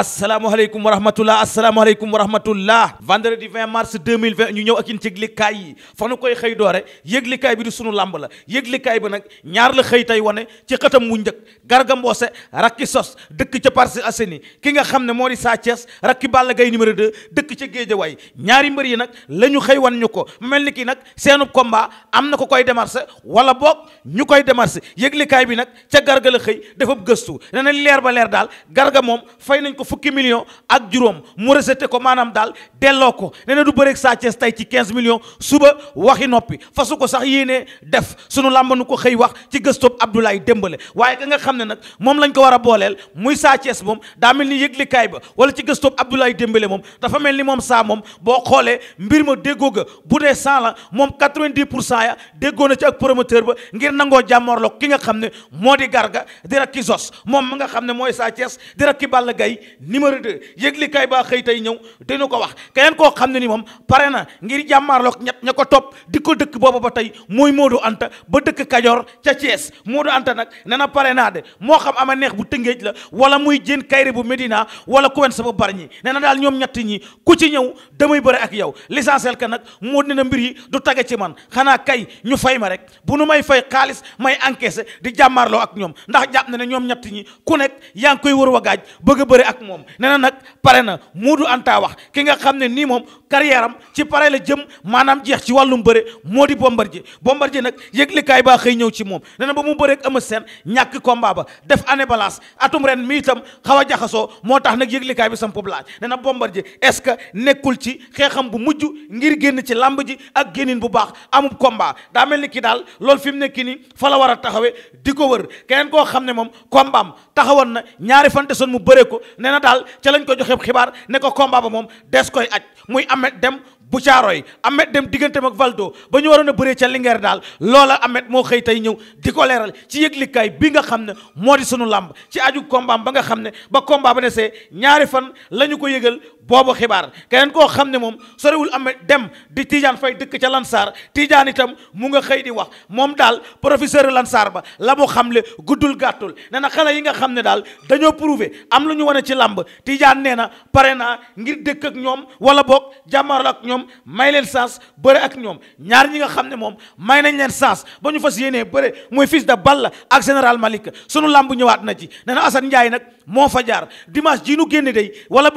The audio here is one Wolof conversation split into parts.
asalaamaaleykum wa rahmatullah asalaamaaleykum wa rahmatullah vendredi 20 mars 2020 ñu ñëw ak yéen ci yëglikaay yi fa nu koy xëy doore yëglikaay bi di sunu làmb la yëglikaay bi nag ñaar la xëy tey wane ci xëtam mu njëkk Garga Mbossé rakki sos dëkk ca Parcelles Assainies ki nga xam ne moo di Sa rakki Balla Gaye numéro 2 dëkk ca Guédiawaye ñaari mbër yi nag la xëy wan ñu ko mel ni kii nag seenub combat am na ko koy démarché wala boog ñu koy démarché yëglikaay bi nag ca Garga la xëy dafa gëstu nee na leer ba leer daal Garga moom fay nañ ko fukki million ak juróom mu reseté ko maanaam daal delloo ko nee na du bëreeg Sa Thiès tey ci 15 millions suba waxi noppi fasu ko sax yéenee def sunu làmb nu ko xëy wax ci gëstoob Abdoulaye Dembélé waaye ka nga xam ne nag moom lañ ko war a booleel muy Sa moom daa mel ni yëglikaay ba wala ci gëstoob Abdoulaye démbale moom dafa mel ni moom saa moom boo xoolee mbir ma déggoo ga bu dee 100 la moom 90 pour cent ya déggoo na ci ak promoteur ba ngir nangoo jàmmoorloo ki nga xam ne moo di garga di rakki zos moom ma nga xam ne mooy Sa Thiès di rakki Gaye numéro 2 yëglikaay baa xëy tey ñëw dina ko wax keneen koo xam ne ni moom pare na ngir jàmmaarloog ñett ña ko topp di ko dëkk booba ba tey mooy Modou Anta ba dëkk Kajoor ca Thiès Modou Anta nag nee na pare naa de moo xam ama neex bu Tëngéej la wala muy jën kayri bu Médina wala ku wen sa ba ñi nee na daal ñoom ñett ñi ku ci ñëw damay bëre ak yow l'essentiel que nag moo ne na mbir yi du tage ci man xanaa kay ñu fay ma rek bu nu may fay xaalis may encaissé di jàmmaarloo ak ñoom ndax jàpp na ne ñoom ñett ñi ku nekk yaa ngi koy wër wagaaj bëgg a bëre ak ak moom nee na nag pare na Moodu antaa wax ki nga xam ne nii moom carrière ci pare la jëm maanaam jeex ci wàllum bëre moo di bombar ji bombar Bombardier nag yëglikaay baa xëy ñëw ci moom nee na ba mu bëreeg ama seen ñàkk komba ba def année balance atum ren mi itam xaw a jaxasoo moo tax nag yëglikaay bi sam pop laaj nee na Bombardier est-ce que nekkul ci xeexam bu mujj ngir génn ci làmb ji ak génnin bu baax amub combat daa mel ni kii daal loolu fi mu nekki nii fa la war a taxawee di ko wër keneen koo xam ne moom combat am taxawoon na ñaari fan mu bëree ko nee na daal ca lañ koy joxe xibaar ne ko combat ba moom des koy aj muy Amet Dem bu caaroy Amet Dem digganteem mag Valdo ba ñu waroon a bëree ca Linguère daal loola Amet moo xëy tey ñëw di ko leeral ci yëglikaay bi nga xam ne moo di suñu làmb ci aju combat ba nga xam ne ba combat ba ne see ñaari fan la ñu ko yëgal boobu xibaar keneen koo xam ne moom soriwul am dem di Tidiane Faye dëkk ca Lansar Tidiane itam mu nga xëy di wax moom daal professeur Lansar ba la mu xamle guddul gàttul nee na xale yi nga xam ne daal dañoo prouvé am lu ñu wane ci làmb Tidiane nee na pare naa ngir dëkk ak ñoom wala boog jàmmaar ak ñoom may leen sens bëre ak ñoom ñaar ñi nga xam ne moom may nañ leen sens ba ñu fa yéenee bëre muy fils de Balla ak général Malick sunu làmb ñëwaat na ci nee na Assane Ndiaye nag moo fa jaar dimanche ji nu génne day wala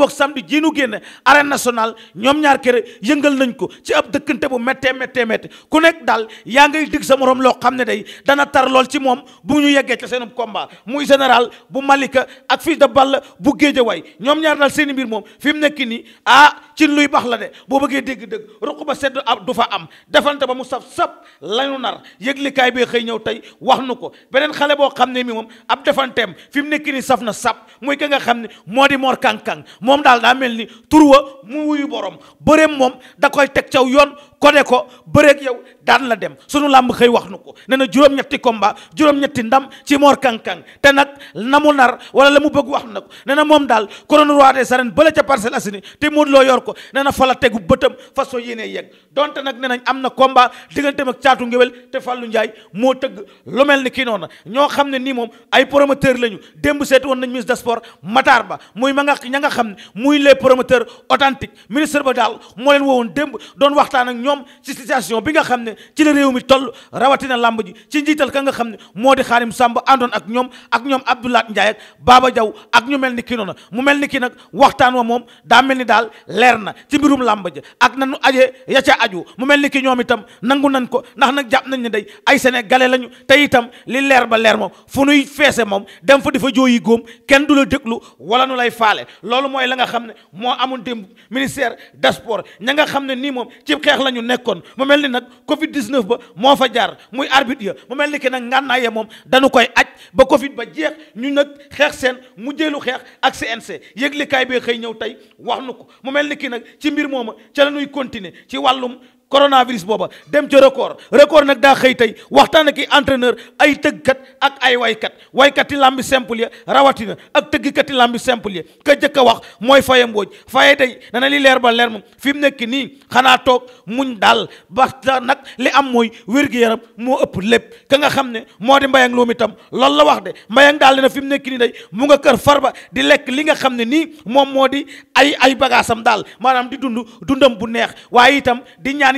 génne arène nationale ñoom ñaar kër yëngal nañ ko ci ab dëkkante bu méttee méttee méttee ku nekk daal yaa ngay dig sa morom loo xam ne day dana tar lool ci moom bu ñu yeggee ca seen combat muy général bu Malika ak fils de Balla bu Géejawaay ñoom ñaar daal seeni mbir moom fi mu nekk nii ah ci luy baax la de boo bëggee dégg-dëgg ruq ba sedd ab du fa am defante ba mu saf sap lañu nar yëglikaay bi xëy ñëw tey wax nu ko beneen xale boo xam ne mi moom ab fi mu nekk nii saf na sap muy ka nga xam ne moo tur wa mu wuyu borom bëreem moom da koy teg caw yoon ko ne ko bëreeg yow daan la dem sunu làmb xëy wax nu ko ne na juróom-ñetti combat juróom-ñetti ndam ci Mor Kang Kang te nag na mu nar wala la mu bëgg wax na ko ne na moom daal couronne roi des arènes bala ca Parcelles Assainies te Modou Lo yor ko ne na fa la tegu bëtam façon yéene nag ne nañ am na combat digganteem ak caatu ngéwél te Fallou Ndiaye moo tëgg lu mel ni kii noonu ñoo xam ne nii moom ay promoteur lañu démb seet woon nañ ministre des sports Matar Ba muy ma nga ña nga xam muy les promoteurs promoteur authentique ministre ba daal moo leen woowoon démb doon waxtaan ak ñoom ci situation bi nga xam ne ci la réew mi toll rawatina làmb ji ci njiital ka nga xam ne moo di Xaadim Sàmb andoon ak ñoom ak ñoom Abdoulaat Njaay ak Baaba Jaw ak ñu mel ni ki noonu mu mel ni ki nag waxtaan wa moom daa mel ni daal leer na ci mbirum làmb ji ak nanu ajee ya ca aju mu mel ni kii ñoom itam nangu nañ ko ndax nag jàpp nañ ne day ay sene sénégalais lañu tey itam li leer ba leer moom fu nuy feese moom dem fa di fa góom kenn du la déglu wala lay moo amunte ministère des sports ña nga xam ne nii moom ci xeex la ñu nekkoon mu mel ni nag Covid 19 ba moo fa jaar muy arbitre ya mu mel ni ki nag ngànnaay ya moom dañu koy aj ba Covid ba jeex ñu nag xeex seen mu mujjeelu xeex ak CNC yëglikaay bi xëy ñëw tey wax nu ko mu mel ni ki nag ci mbir mooma ca la ñuy continuer ci wàllum. coronavirus booba dem ca record record nag daa xëy tey waxtaan ak i entraîneur ay tëggkat ak ay waykat waykati làmbi simple ya rawatina ak tëggkati làmbi simple ya ka jëkk a wax mooy faye mbooj faye tey dana li leer ba leer moom fi mu nekk nii xanaa toog muñ daal ba nag li am mooy wér-gu-yaram moo ëpp lépp ka nga xam ne moo di mbayang loomi itam loolu la wax de mbayang daal dina fi mu nekk nii day mu nga kër far ba di lekk li nga xam ne nii moom moo di ay ay bagaasam daal maanaam di dund dundam bu neex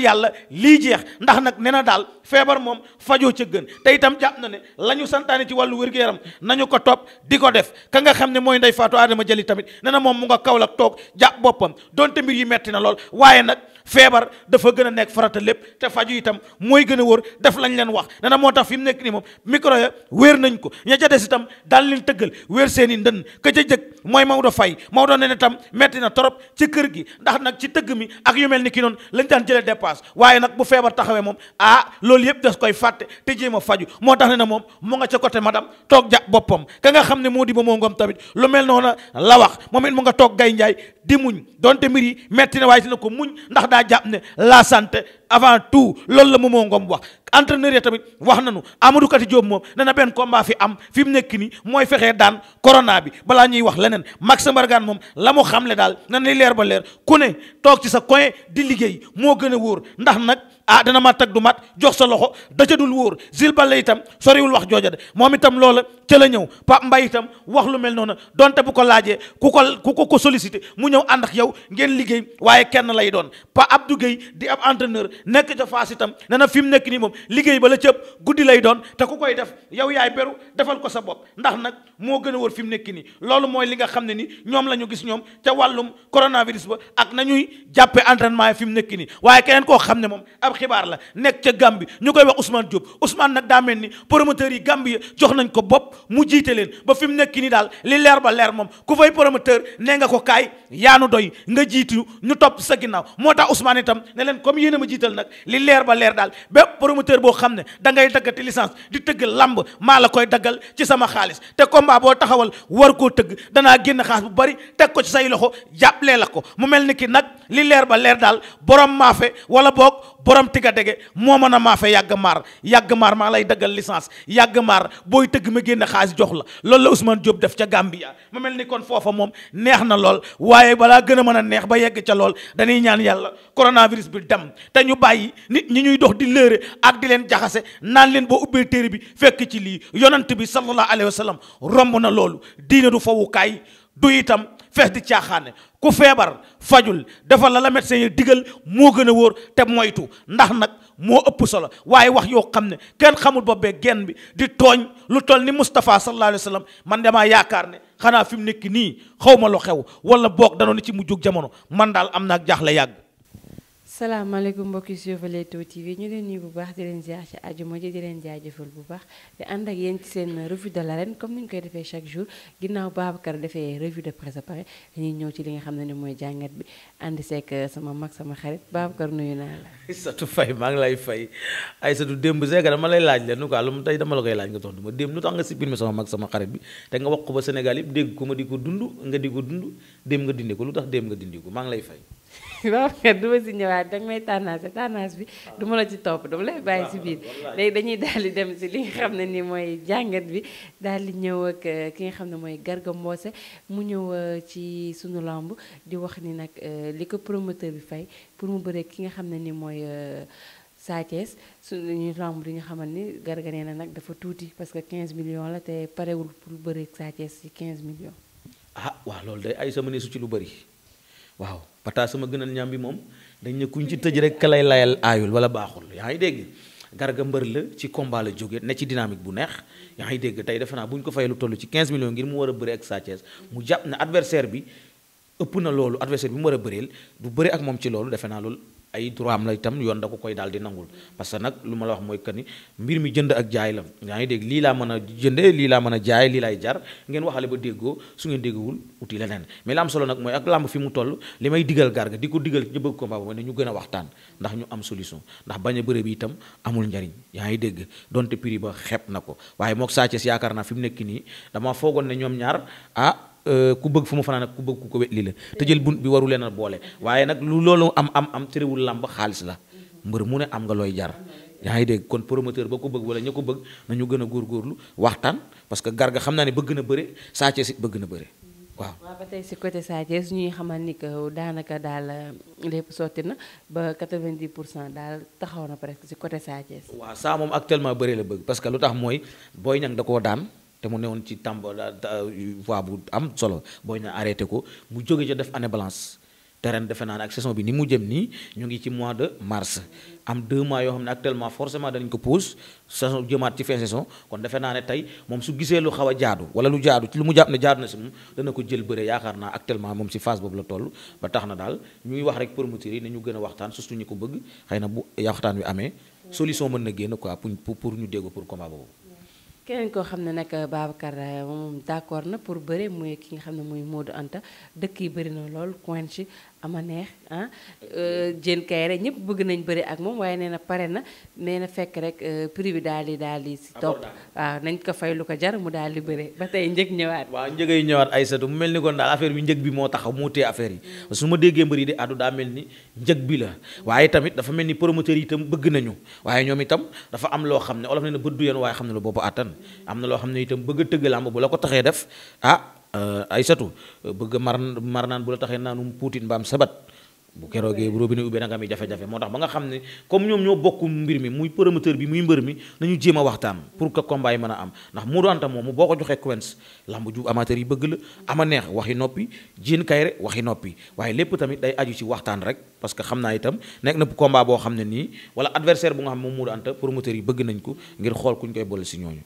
yàlla lii jeex ndax nag nee na daal feebar moom fajoo ca gën te itam jàpp na ne la ñu santaane ci wàllu wér-gu-yaram nañu ko topp di ko def ka nga xam ne mooy ndey faatu aadama jëli tamit nee na moom mu nga kaw la toog jàpp boppam donte mbir yi metti na lool waaye nag feebar dafa gën a nekk farata lépp te faju itam mooy gën a wóor def lañ leen wax nana moo tax fi mu nekk nii moom micro ya wéer nañ ko ña ca des itam daal leen tëggal wéer seeni ndën ndënn ca jëkk mooy Maodo Faye Maodo ne ne tam metti na torop ci kër gi ndax nag ci tëgg mi ak yu mel ni ki noonu lañ daan jëlee dépasse waaye nag bu feebar taxawee moom ah loolu yëpp des koy fàtte te jéem a faju moo tax ne moom mu nga ca côté madame toog ja boppam ka nga xam ne moo di ba moo ngoom tamit lu mel noona la wax moom mu nga toog gay yi metti ko muñ daa jàpp ne la santé avant tout loolu la Momo Ngom wax entraîneur yi tamit wax nañu Amadou Kati Diop moom nee na benn combat fi am fi mu nekk nii mooy fexe daan corona bi balaa ñuy wax leneen Max Mbargane moom la mu xamle daal na li leer ba leer ku ne toog ci sa coin di liggéey moo gën a wóor ndax nag ah dana ma tag du mat jox sa loxo dajadul wóor zil balla itam soriwul wax jooja de moom itam loola ca la ñëw Pape mbay itam wax lu mel noonu donte bu ko laajee ku ko ku ko ko sollicité mu ñëw ànd ak yow ngeen liggéey waaye kenn lay doon Pa Abdou Gueye di ab entraîneur nekk ca Fass itam ne na fi mu nekk nii moom liggéey ba la cëpp guddi lay doon te ku koy def yow yaay beru defal ko sa bopp ndax nag moo gën a wóor fi mu nekk nii loolu mooy li nga xam ne ni ñoom la ñu gis ñoom ca wàllum coronavirus ba ak nañuy jàppe entraînement fi mu nekk nii waaye keneen koo moom am xibaar la nekk ca Gambie ñu koy wax Ousmane Diop Ousmane nag daa mel ni promoteurs yi Gambie jox nañ ko bopp mu jiite leen ba fi mu nekk nii daal li leer ba leer moom ku fay promoteur nee nga ko kaay yaanu doy nga jiitu ñu topp sa ginnaaw moo tax Ousmane itam ne leen comme yéen ma jiital nag li leer ba leer daal bépp promoteur boo xam ne da ngay daggati licence di tëgg lamb maa la koy daggal ci sama xaalis te combat boo taxawal war koo tëgg danaa génn xaalis bu bari teg ko ci say loxo jàppalee la ko mu mel ni ki nag li leer ba leer daal borom maafe wala boog borom borom tiga dege moo mën a maafe yàgg maar yàgg maar maa lay daggal licence yàgg maar booy tëgg ma génn xaalis jox la loolu la Ousmane Diop def ca Gambia ma mel ni kon foofa moom neex na lool waaye balaa gën a mën a neex ba yegg ca lool dañuy ñaan yàlla coronavirus bi dem te ñu bàyyi nit ñi ñuy dox di lëre ak di leen jaxase naan leen boo ubbee téere bi fekk ci lii yonent bi sallallahu alayhi wa sallam romb na loolu diine du fawukaay du itam fees di caaxaane ku feebar fajul defal la la médecin yi digal moo gën a wóor te moytu ndax nag moo ëpp solo waaye wax yoo xam ne kenn xamul bopp bee genn bi di tooñ lu toll ni Moustapha sallallahu alayhi wa sallam man damaa yaakaar ne xanaa fi mu nekk nii xaw ma lu xew wala boog danoo ni ci mu jóg jamono man daal am naag jaaxle yàgg. salaamaaleykum mbokki suivre Leewtoo TV ñu leen nuyu bu baax di leen ziar ci àjjuma ji di leen bu baax di ànd ak yéen ci seen revue de ren comme ni ñu koy defee chaque jour ginnaaw Babacar defee revue de a pare dañuy ñëw ci li nga xam ne mooy jàngat bi ànd seeg euh, sama mag sama xarit Babacar nuyu naa la. Aïssatou Faye maa ngi lay fay Aïssatou démb seega dama lay laaj leen nu quoi lu mu tey dama la koy laaj nga tontu ma démb lu tax nga supprimé sama mag sama xarit bi te nga wax ko ba Sénégal dégg ko ma di ko dund nga di ko dund nga dindi ko lu tax nga dindi ko maa lay fay Babacar du ma si ñëwaat danga may tendance tendance bi du la ci topp dama lay bàyyi si biir léegi dañuy daal di dem si li nga xam ne ni mooy jàngat bi daal di ñëw ak euh, ki nga xam ne mooy Garga Mbossé mu ñëw euh, ci sunu lamb di wax ni nag euh, li ko promoteur bi fay pour mu bëree ki nga xam ne ni mooy Sa Thiès suñu lamb di nga xamante ni Garga nee na nag dafa tuuti parce que 15 millions la te parewul pour bëree Sa Thiès ci 15 million ah waaw loolu de ay sama ne su ci lu bëri. waaw pata sama gënal ñaam bi moom dañ ne kuñ ci tëj rek lay layal aayul wala baaxul yaa ngi dégg garga mbër la ci combat la jóge ne ci dynamique bu neex yaa ngi dégg tey defe naa bu ñu ko fay lu toll ci 15 millions ngir mu war a bëri ak Sa Thiès mu jàpp ne adversaire bi ëpp na loolu adversaire bi mu war a bëreel du bëri ak moom ci loolu defe naa loolu ay droit am la itam yoon da ko koy daal di nangul parce que nag lu ma la wax mooy que ni mbir mi jënd ak jaay la yaa ngi dégg lii laa mën a jëndee lii laa mën a jaay lii laay jar ngeen waxale ba déggoo su ngeen déggoowul uti leneen mais la am solo nag mooy ak làmb fi mu toll li may digal garga di ko digal ñu bëgg combat ba ne ñu gën a waxtaan ndax ñu am solution ndax bañ a bëre bi itam amul njariñ yaa ngi dégg donte prix ba xeeb na ko waaye mook Sa Thiès yaakaar naa fi mu nekk nii dama foogoon ne ñoom ñaar ah Euh, ku bëgg fu mu fanaan ak ku bëgg ku ko wet lii la te jël bunt bi waru leen a boole waaye nag lu loolu am am am terewul làmb xaalis la mbër mu ne am nga looy jar yaa ngi dégg kon promoteur ba ko bëgg wala ña ko bëgg ñu gën a góorgóorlu waxtaan parce que garga xam naa ne bëgg na bëre Sa si bëgg na bëre waaw. waaw ba tey si côté Sa Thiès ñuy xamal ni que daanaka daal euh, lépp sotti na ba 90 pour cent daal taxaw na presque si côté Sa Thiès. waaw saa moom actuellement bëre la bëgg parce que lu tax mooy booy ñang da koo daan. te mu ne newoon ci tàmb voie bu am solo booy na arrêté ko mu jóge ca def année balance te ren defe naa ne ak saison bi ni mu jëm nii ñu ngi ci mois de mars am 2 mois yoo xam ne actuellement forcément danañ ko pause saison jëmaat ci fin saison kon defe naa ne tey moom su gisee lu xaw a jaadu wala lu jaadu ci lu mu jàpp ne na si moom ko jël bëre yaakaar naa actuellement moom si phase boobu la toll ba tax na daal ñuy wax rek promoteurs yi nañu gën a waxtaan surtout ñu ko bëgg xëy na bu waxtaan wi amee solution mën na génn quoi pour pour ñu dégg pour combat boobu keneen koo xam ne nag euh, Babacar euh, moom d' accord na pour bëre muy ki nga xam ne muy Modou Anta dëkk yi bëri na lool coinci ama neex ah euh, jën kay rek ñëpp bëgg nañ bëri ak moom waaye nee na pare na nee na fekk rek euh, prix bi daal di daal di si topp waaw nañ ko fay lu ko jar mu daal di bëre ba tey njëg ñëwaat waaw njëgay ñëwaat ay Aïssatou mu mel ni kon daal affaire bi njëg bi moo taxaw moo téye affaire yi su ma déggee mbëri yi di addu daa mel ni njëg bi la waaye tamit dafa mel ni promoteurs yi itam bëgg nañu waaye ñoom itam dafa am loo xam ne olof ne na bët du yéen waaye xam ne lu boobu àttan am na loo ne itam bëgg a tëgg bu la ko taxee def ah Euh, Aysatu bëgg mar mar naan bu la taxee naanum puutin mbaam sabat bu keroogee bu robinet ubbee nanga mi jafe-jafe moo tax ba nga xam ne comme ñoom ñoo bokk mbir mi muy promoteur bi muy mbër mi nañu jéem a waxtaan pour que combat yi mën a am ndax mu doon tam moom boo ko joxee Quench lamb ju amateur yi bëgg la ama neex waxi noppi Diène Kaïré waxi noppi waaye lépp tamit day aju ci waxtaan rek parce que xam naa itam nekk na combat boo xam ne nii wala adversaire bu nga xam moom mu doon tam promoteur yi bëgg nañ ko ngir xool kuñ koy boole si ñooñu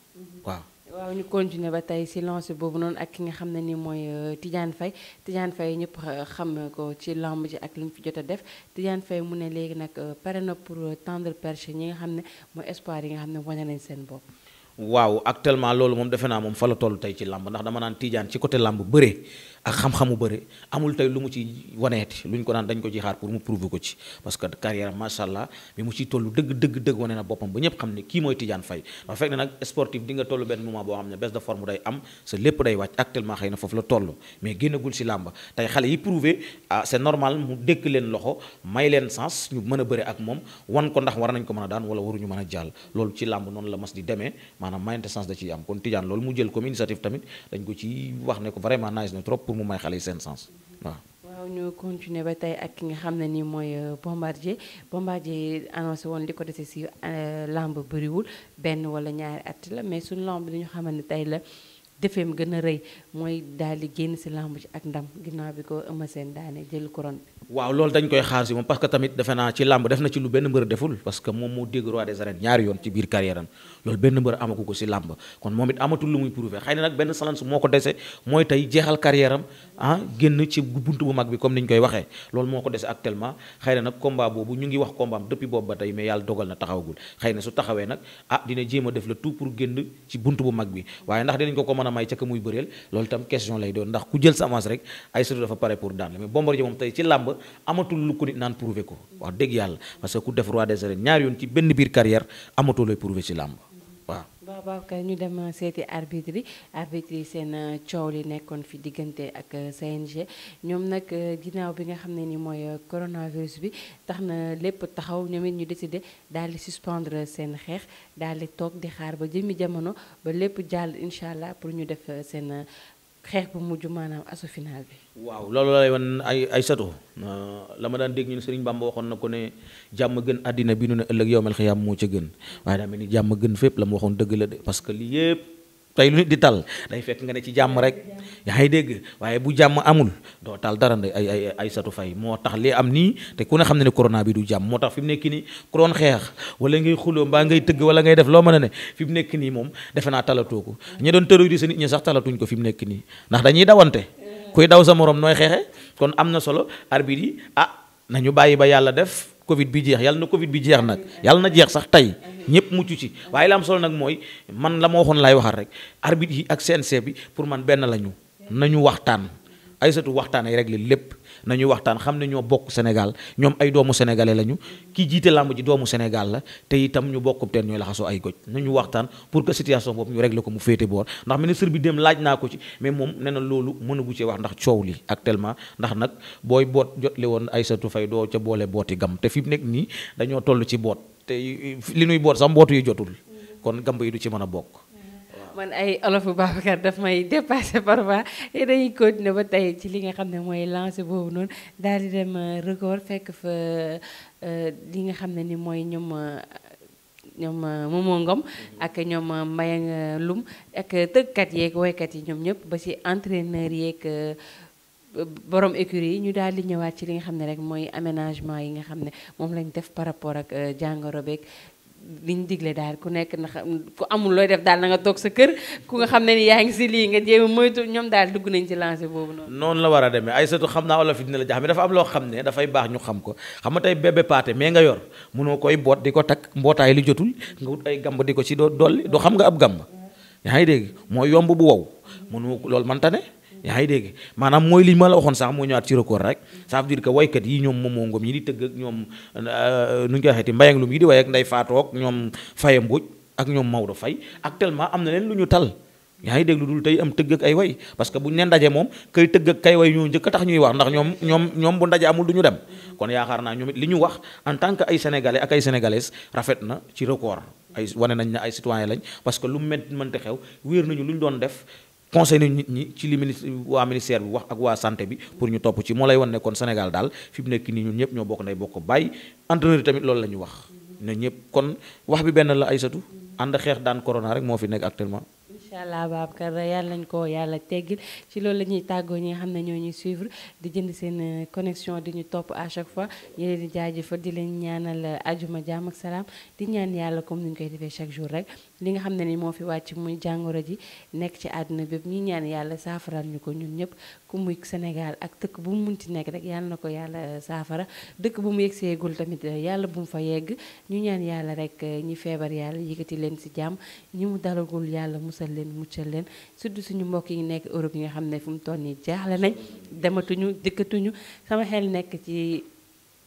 waaw ñu continuer ba tey si lancé boobu noonu ak ki nga xam ne nii mooy euh, Tidiane Faye Tidiane Faye ñëpp euh, xam ko ci lamb ji ak li mu jot a def Tidiane Faye mu ne léegi nag euh, pare na pour tendre perche ñi nga xam ne mooy espoir yi nga xam ne wane nañ seen bopp. waaw actuellement loolu moom defe naa moom fa la toll tey ci lamb ndax dama naan Tidiane ci côté lamb bëree. ak xam-xamu bëre amul tey lu mu ci waneeti luñ ko naan dañ ko ci xaar pour mu prouver ko ci parce que carrière macha allah bi mu ciy toll dëgg dëgg dëgg wane na boppam ba ñëpp xam ne kii mooy Tidiane Faye ndax fekk na nag sportif di nga toll benn moment boo xam ne baisse de forme day am sa lépp day wàcc actuellement xëy na foofu la toll mais génnagul si làmba tey xale yi prouver ah c'est normal mu dékk leen loxo may leen sens ñu mën a bëre ak moom wan ko ndax war nañ ko mën a mu may xale yi seen sens waaw. waaw ñu continuer ba tey ak ki nga xam ne nii mooy euh, Bombardier Bombardier annoncé woon li ko dese si euh, lamb bëriwul benn wala ñaari at la mais suñ lamb li ñu xamante ne tey la. defeem gën a rëy mooy daal di génn si lamb ci ak ndam ginnaaw bi ko Eumeu Sène daane jël couronne bi waaw loolu dañ koy xaar si moom parce que tamit defe naa ci làmb def na ci lu benn mbër deful parce que moom moo dégg roi des arènes ñaari yoon ci biir carrière am loolu benn mbër amagu ko si làmb kon moom it amatul lu muy prouvé xëy na nag benn salance moo ko dese mooy tey jeexal carrière am ah génn ci bunt bu mag bi comme ni ñu koy waxee loolu moo ko dese actuellement xëy na nag combat boobu ñu ngi wax combat am depuis boobu ba tey mais yàlla dogal na taxawagul xëy na su taxawee nag ah dina jéem a def le tout pour génn ci bunt bu mag bi waaye ndax dinañ ko ko mën a may ca ka muy bëreel loolu tam question lay doon ndax ku jël sa rek ay surtout dafa pare pour daan la mais Bombardier moom tey ci làmb amatul lu ko nit naan prouver ko wax dëgg yàlla parce que ku def ñaar yoon ci benn biir carrière amatul looy prouver ci waaw ñu dem seeti arbitre yi arbitre yi seen euh, coow li nekkoon fi diggante ak euh, CNG ñoom nag euh, ginnaaw bi nga xam ne ni mooy coronavirus bi tax na lépp taxaw ñoom it ñu décidé daal di suspendre seen xeex daal di toog di xaar ba jëmmi jamono ba lépp jàll incha allah pour ñu def seen. xeex bu mujj maanaam asu final bi. waaw loolu lay wan ay ay sato euh, la ma daan dégg ñun Serigne Bamba waxoon na ko ne jàmm gën àddina bi nu ne ëllëg yowmal xiyaam moo ca gën waaye daa mel ni jàmm gën fépp la mu waxoon dëgg la de parce que lii yëpp. tey lu nit di tal day fekk nga ne ci jàmm rek yaa ngi dégg waaye bu jàmm amul doo tal dara ay ay ay satu fay moo tax li am nii te ku ne xam ne ne corona bi du jàmm moo tax fi mu nekk nii ku doon xeex wala ngay xuloo mbaa ngay tëgg wala ngay def loo mën a ne fi mu nekk nii moom defe naa talatoo ko ñi doon terroriser nit ñi sax talatuñ ko fi mu nekk nii ndax dañuy dawante kuy daw sa moroom nooy xeexe kon am na solo arbitre yi ah nañu bàyyi ba yàlla def Covid bi jeex yàlla na Covid bi jeex nag yàlla na jeex sax tey ñëpp mucc ci waaye la am solo nag mooy man la ma waxoon laay waxal rek arbitre yi ak CNC bi pour man benn la ñu nañu waxtaan Aysatu waxtaan ay réglé lépp. nañu waxtaan xam ne ñoo bokk Sénégal ñoom ay doomu sénégalais lañu kii jiite làmb ji doomu Sénégal la te itam ñu bokk teen ñooy laxasoo ay goj nañu waxtaan pour que situation boobu ñu régler ko mu féete boor ndax ministre bi dem laaj naa ko ci mais moom nee na loolu mënagu cee wax ndax coow li actuellement ndax nag booy boot jot jotle woon Aïssatou Faye doo ca boole booti gam te fi mu nekk nii dañoo tollu ci boot te li nuy boot sax mbootu yi jotul kon gamb yi du ci mën a bokk man ay olofu Babacar daf may dépassé parfois dañuy continuer ba tey ci li nga xam ne mooy lancé boobu noonu daal di dem euh, record fekk fa euh, li nga xam ne ni mooy ñoom euh, ñoom Momo Ngom ak ñoom Mbayang Loum ak tëggkat yeeg woykat yi ñoom ñëpp ba ci entraîneur yeeg borom écurie yi ñu daal di ñëwaat ci li nga xam ne rek mooy aménagement yi nga xam ne moom lañ def par rapport ak jàngoro beeg li ñu digle daal ku nekk na ku amul looy def daal na nga toog sa kër ku nga xam ne ni yaa ngi si lii nga jéem a moytu ñoom daal dugg nañ ci lancé boobu noonu noonu la war a demee ay surtout xam naa wala fi dina la jaxame dafa am loo xam ne dafay baax ñu xam ko xam nga tey bébé paate mais nga yor mënoo koy boot di ko takk mbootaay li jotul nga wut ay gamb di ko ci doo dolli doo xam nga ab gamb yaa ngi dégg moo yomb bu wow mënoo loolu manta ne yaa ngi dégg maanaam mooy li ma la waxoon sax moo ñëwaat ci record rek ça veut dire que waykat yi ñoom moomoo ngoom yi di tëgg ak ñoom euh, nu ñu koy waxeeti mbayang di way ak nday faatoog ñoom faye mbuj ak ñoom Maodo Faye actuellement am na leen lu ñu tal yaa ngi dégg lu dul tey am tëgg ak ay way parce que bu ñu leen ndaje moom kay tëgg ak kay way ñoo njëkk a tax ñuy wax ndax ñoom ñoom ñoom bu ndaje amul du ñu dem kon yaakaar naa ñoom it li ñu wax en tant que ay sénégalais ak ay sénégalaises rafet na ci record ay wane nañ ne ay citoyen lañ parce que lu met mënti xew wéer nañu lu ñu doon def conseil nañu nit ñi ci li ministre waa ministère bi wax ak waa santé bi pour ñu topp ci moo lay wan ne kon Sénégal daal fi mu nekk nii ñun ñëpp ñoo bokk nday bokk bàyyi entraîneur yi tamit loolu la wax ne ñëpp kon wax bi benn la Aïssatou ànd xeex daan corona rek moo fi nekk actuellement macha allah Babacar yàlla nañ ko yàlla teggil ci loolu la ñuy tàggoo ñi nga xam ne ñoo ñu suivre di jënd seen euh, connexion di ñu topp a chaque fois ñu leen di jaajëfal di leen ñaanal ajuma euh, jàmm ak salaam di ñaan yàlla comme ni ñu koy defee chaque jour rek li nga xam ne ni moo fi wàcc muy jàngoro ji nekk ci àdduna bépp ñi ñaan yàlla saafaral ñu ko ñun ñëpp ku muy Sénégal ak dëkk bu mu munti nekk rek yàlla na ko yàlla euh, saafara dëkk bu mu yegseegul tamit yàlla bu mu fa yegg ñu ñaan yàlla rek ñi feebar yàlla yëkkati leen si jàmm ñi mu dalagul yàlla musal leen ñu muccal leen surtout suñu mbokk yi nekk Europe yi nga xam ne fu mu toll nii jaaxle nañ dematuñu dikkatuñu sama xel nekk ci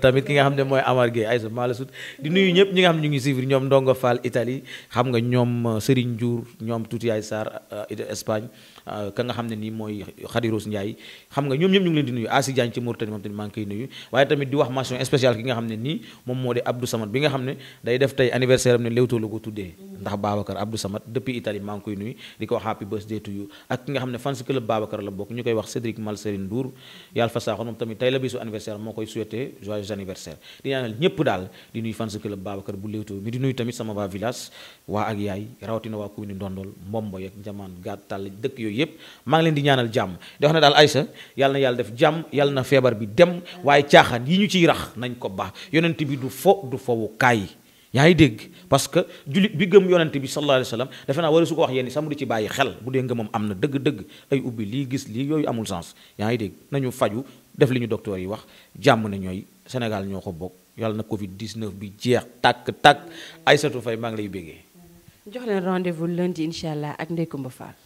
tamit ki nga xam ne mooy Amar Gueye Aïssa maa la sut di nuyu ñëpp ñi nga xam ne ñu ngi suivre ñoom Ndongo Fall Italie xam nga ñoom euh, Serigne Diour ñoom Tuuti Yaay Sarr euh, Espagne Euh, ka nga xam ne nii mooy Khadiros Ndiaye xam nga ñoom ñëpp ñu ngi leen di nuyu Asi Diagne ci Mauritanie moom moo di Abdou Samad bi nga xam ne day def tey anniversaire am ne Leewtoo koy nuyu di ko wax happy birthday to you ak ki nga xam ne fans club Babacar la bokk ñu koy wax Cédric Malserine Ndour yàlla bu Leewtoo mi di nuyu tamit sama waa village waa ak yaay rawatina waa commune Ndondol Mbombo yeeg Njamaan Gàttal dëkk yooyu yëpp maa ngi leen di ñaanal jàmm di wax ne daal aysa yàlla na yàlla def jàmm yàlla na feebar bi dem waaye caaxaan yi ñu ci rax nañ ko baax yonent bi du fo du fowu kaay yaa ngi dégg parce que jullit bi gëm yonent bi sallallahu alayhi wa sallam defe naa wara su ko wax yenn sax mu di ci bàyyi xel bu dee ngëmam am na dëgg-dëgg ay ubbi lii gis lii yooyu amul sens yaa ngi dégg nañu faju def li ñu docteur yi wax jàmm ne ñooy Sénégal ñoo ko bokk yàlla na Covid 19 bi jeex tàkk tàkk Aïssatou Faye maa ngi lay béggee jox leen rendez-vous lundi incha allah ak Ndeye Coumba